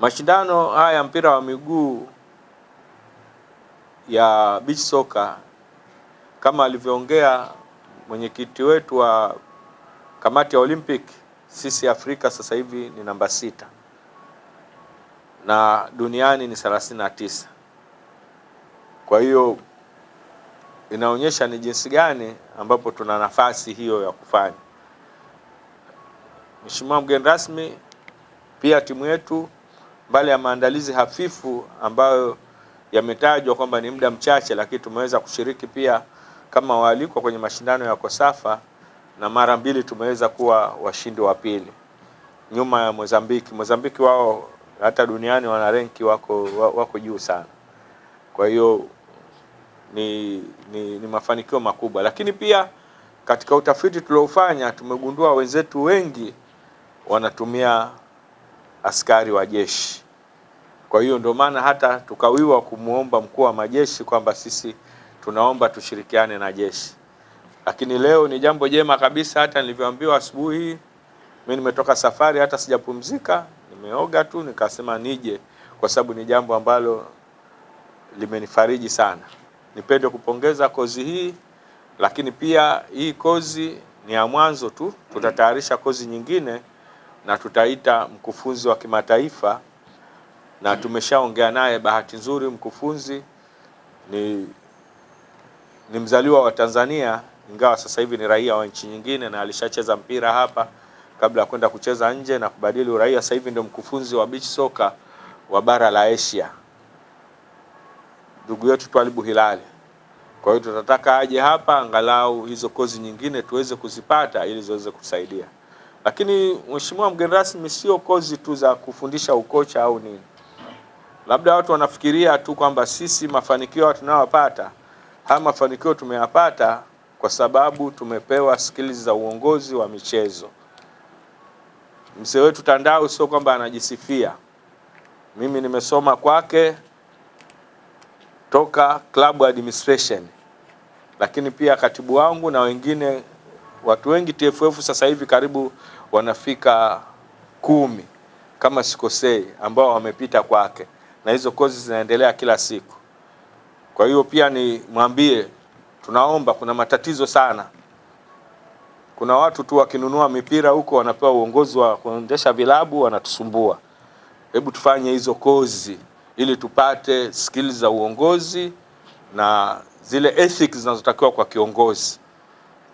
Mashindano haya ya mpira wa miguu ya beach soccer kama alivyoongea mwenyekiti wetu wa kamati ya Olympic, sisi Afrika sasa hivi ni namba sita na duniani ni thelathini na tisa. Kwa hiyo inaonyesha ni jinsi gani ambapo tuna nafasi hiyo ya kufanya. Mheshimiwa mgeni rasmi, pia timu yetu mbali ya maandalizi hafifu ambayo yametajwa kwamba ni muda mchache, lakini tumeweza kushiriki pia kama waalikwa kwenye mashindano ya Kosafa na mara mbili tumeweza kuwa washindi wa pili nyuma ya Mozambiki. Mozambiki wao hata duniani wana renki wako, wako juu sana, kwa hiyo ni, ni, ni mafanikio makubwa, lakini pia katika utafiti tuliofanya tumegundua wenzetu wengi wanatumia askari wa jeshi kwa hiyo ndio maana hata tukawiwa kumwomba mkuu wa majeshi kwamba sisi tunaomba tushirikiane na jeshi, lakini leo ni jambo jema kabisa. Hata nilivyoambiwa asubuhi mimi nimetoka safari, hata sijapumzika, nimeoga tu nikasema nije, kwa sababu ni jambo ambalo limenifariji sana. Nipende kupongeza kozi hii, lakini pia hii kozi ni ya mwanzo tu, tutatayarisha kozi nyingine na tutaita mkufunzi wa kimataifa na tumeshaongea naye. Bahati nzuri mkufunzi ni, ni mzaliwa wa Tanzania ingawa sasa hivi ni raia wa nchi nyingine, na alishacheza mpira hapa kabla ya kwenda kucheza nje na kubadili uraia. Sasa hivi ndio mkufunzi wa beach soka wa bara la Asia, ndugu yetu Twalibu Hilali. Kwa hiyo tutataka aje hapa angalau hizo kozi nyingine tuweze kuzipata ili ziweze kusaidia. Lakini mheshimiwa mgeni rasmi, sio kozi tu za kufundisha ukocha au nini Labda watu wanafikiria tu kwamba sisi mafanikio tunayopata haya mafanikio tumeyapata kwa sababu tumepewa skills za uongozi wa michezo. Mzee wetu Tandau sio kwamba anajisifia, mimi nimesoma kwake toka club administration, lakini pia katibu wangu na wengine watu wengi TFF sasa hivi karibu wanafika kumi kama sikosei, ambao wamepita kwake na hizo kozi zinaendelea kila siku. Kwa hiyo pia ni mwambie, tunaomba, kuna matatizo sana. Kuna watu tu wakinunua mipira huko wanapewa uongozi wa kuendesha vilabu wanatusumbua. Hebu tufanye hizo kozi ili tupate skills za uongozi na zile ethics zinazotakiwa kwa kiongozi,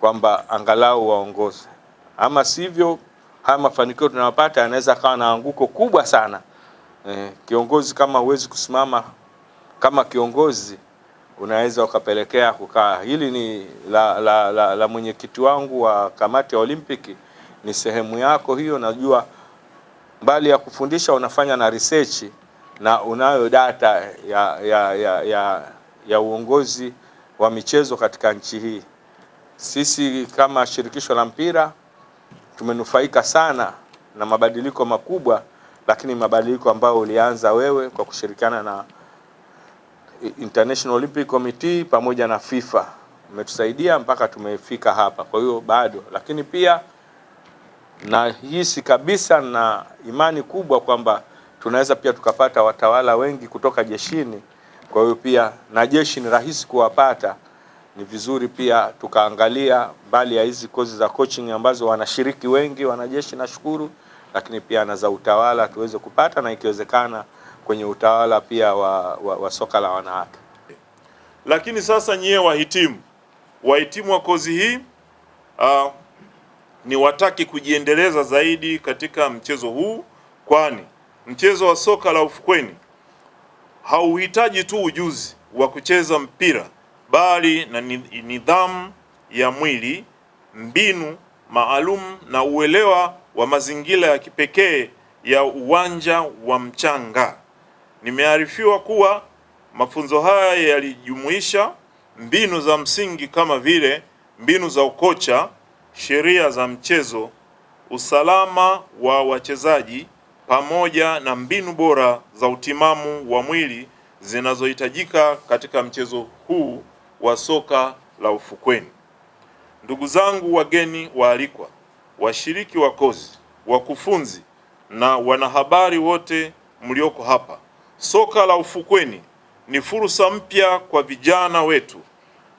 kwamba angalau waongoze, ama sivyo haya mafanikio tunayopata yanaweza kawa na anguko kubwa sana eh, kiongozi kama huwezi kusimama kama kiongozi unaweza ukapelekea kukaa. Hili ni la, la, la, la mwenyekiti wangu wa kamati ya Olimpiki, ni sehemu yako hiyo. Najua mbali ya kufundisha unafanya na research na unayo data ya, ya, ya, ya, ya uongozi wa michezo katika nchi hii. Sisi kama shirikisho la mpira tumenufaika sana na mabadiliko makubwa lakini mabadiliko ambayo ulianza wewe kwa kushirikiana na International Olympic Committee pamoja na FIFA umetusaidia mpaka tumefika hapa. Kwa hiyo bado, lakini pia nahisi kabisa na imani kubwa kwamba tunaweza pia tukapata watawala wengi kutoka jeshini. Kwa hiyo pia na jeshi ni rahisi kuwapata ni vizuri pia tukaangalia mbali ya hizi kozi za coaching ambazo wanashiriki wengi wanajeshi, nashukuru, lakini pia na za utawala tuweze kupata na ikiwezekana kwenye utawala pia wa, wa, wa soka la wanawake. Lakini sasa nyie wahitimu, wahitimu wa kozi hii uh, ah, ni wataki kujiendeleza zaidi katika mchezo huu, kwani mchezo wa soka la ufukweni hauhitaji tu ujuzi wa kucheza mpira bali na nidhamu ya mwili, mbinu maalum na uelewa wa mazingira ya kipekee ya uwanja wa mchanga. Nimearifiwa kuwa mafunzo haya yalijumuisha mbinu za msingi kama vile mbinu za ukocha, sheria za mchezo, usalama wa wachezaji pamoja na mbinu bora za utimamu wa mwili zinazohitajika katika mchezo huu wa soka la ufukweni. Ndugu zangu wageni waalikwa, washiriki wa kozi, wakufunzi na wanahabari wote mlioko hapa, soka la ufukweni ni fursa mpya kwa vijana wetu.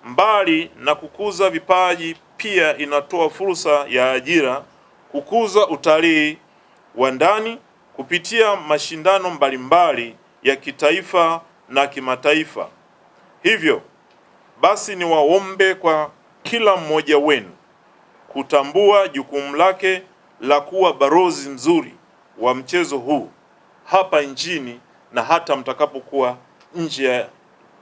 Mbali na kukuza vipaji, pia inatoa fursa ya ajira, kukuza utalii wa ndani kupitia mashindano mbalimbali ya kitaifa na kimataifa. Hivyo basi niwaombe kwa kila mmoja wenu kutambua jukumu lake la kuwa balozi mzuri wa mchezo huu hapa nchini na hata mtakapokuwa nje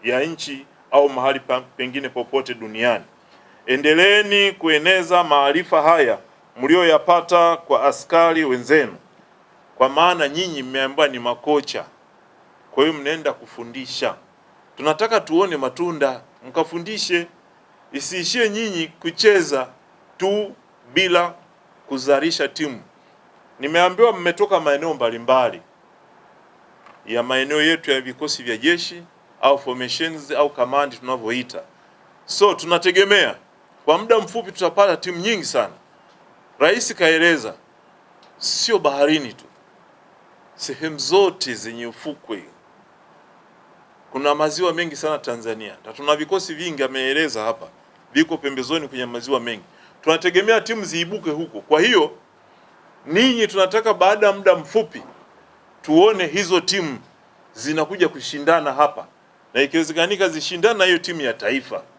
ya nchi au mahali pengine popote duniani. Endeleeni kueneza maarifa haya mlioyapata kwa askari wenzenu, kwa maana nyinyi mmeambiwa ni makocha, kwa hiyo mnaenda kufundisha. Tunataka tuone matunda mkafundishe, isiishie nyinyi kucheza tu bila kuzalisha timu. Nimeambiwa mmetoka maeneo mbalimbali ya maeneo yetu ya vikosi vya jeshi au formations au kamandi tunavyoita. So tunategemea kwa muda mfupi tutapata timu nyingi sana. Rais kaeleza, sio baharini tu, sehemu zote zenye ufukwe kuna maziwa mengi sana Tanzania na tuna vikosi vingi, ameeleza hapa, viko pembezoni kwenye maziwa mengi. Tunategemea timu ziibuke huko. Kwa hiyo ninyi, tunataka baada ya muda mfupi tuone hizo timu zinakuja kushindana hapa, na ikiwezekanika zishindana na hiyo timu ya taifa.